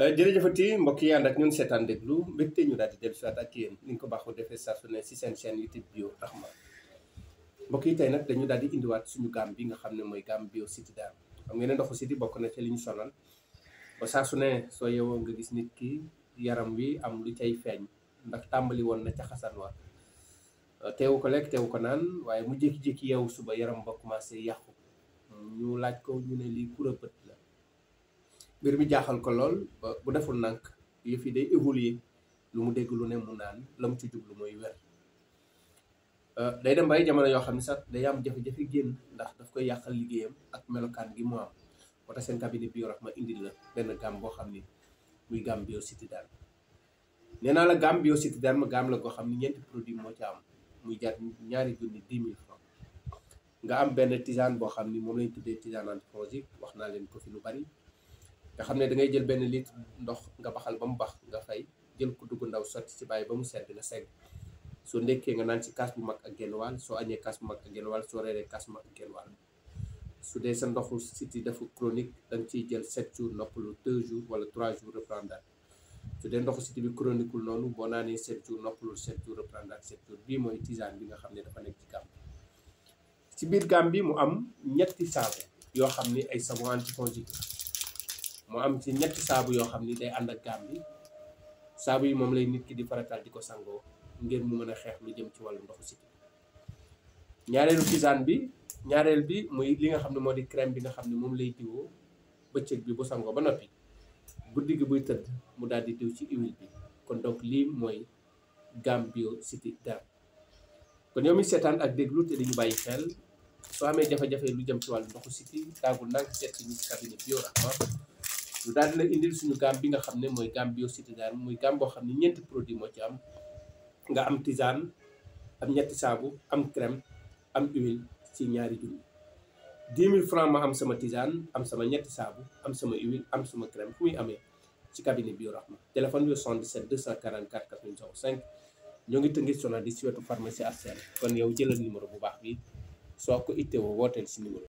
Eh, jërëjëfati mbokk yi ànd ak ñun seetaan déglu mbégte ñu daal di dellu siwaat ak yéen ni ñu ko baaxoo defee saa si seen chaîne YouTube Bio Rahma mbokk yi tey nag dañu daal di indiwaat suñu gaam bi nga xam ne mooy gaam bio sitida xam ngeen ne ndoxu siti bokk na ci li ñu sonal ba saa su ne soo yeewoo nga gis nit ki yaram wi am lu cay feeñ ndax tàmbali woon na ca xasan wa eh, teewu ko lekk teewu ko naan waaye mu jékki-jékki yeewu suba yaram ba commencé yàqu ñu mbir mi jaaxal ko lool bu deful nank yëf yi day évoluer lu mu dégg lu ne mu naan la mu ci jublu mooy wer euh, day dem ay jamono yoo xam ne sax day am jafe-jafe génn ndax daf koy yàqal liggéeyam ak melokaan gi mu am moo tax seen cabinet bi ma indi la benn gamme boo xam ni muy gamme Biocistiderme nee naa la gamme Biocistiderme gamme la goo xam ni ñeenti produit moo ci am muy jar ñaari junni dix mille nga am benn tisane boo xam ni moom lañ tuddee tisane antifongique wax naa leen ko fi lu bari nga xam ne da ngay jël benn litre ndox nga baxal ba mu bax nga fay jël ku dugg ndaw sotti si bàyyi ba mu sedd nga segg soo ndekkee nga naan ci kaas bu mag ak genn wàll soo añee kaas bu mag ak genn wàll soo reeree kaas bu mag dee sa ndoxu siti dafa cronique da nga ciy jël 7 jours noppalu 2 jours wala 3 jours reprendre daal su dee ndoxu siti bi chronique wul noonu boo naanee 7 jours noppalu 7 jours reprendre daal bii mooy tisane bi nga xam ne dafa nekk ci gàmm si biir gàmm bi mu am ñetti saabu yoo xam ni ay savon antifongique moo am ci ñetti saabu yoo xam ni day ànd ak gaam bi saabu yi moom lay nit ki di faratal di ko sangoo ngir mu mën a xeex lu jëm ci wàllu ndoxu sikki ñaareelu tisane bi ñaareel bi muy li nga xam ne moo di crème bi nga xam ne moom lay diwoo bëccëg bi bu sangoo ba noppi guddi gi buy tëdd mu daal di diw ci huile kon donc lii mooy gaam bio city garab kon yow déglu te dañu bàyyi xel soo amee jafe-jafe jëm ci wàllu ndoxu siti daagul nang seet ci ñi cabinet bio rahma ñu daal di la indil suñu gaam bi nga xam ne mooy gaam bio citizen muy gaam boo xam ne ñeenti produit moo ci am nga am tisane am ñetti saabu am crème am huile si ñaari junni dix mille francs ma am sama tisane am sama ñetti saabu am sama huile am sama crème fu muy amee ci cabinet rax rahma téléphone bi 77 244 95 5 ñoo ngi tëngi sona di si wetu pharmacie Arsen kon yow jëlal numéro bu baax bi soo ko ittewoo wooteel si numéro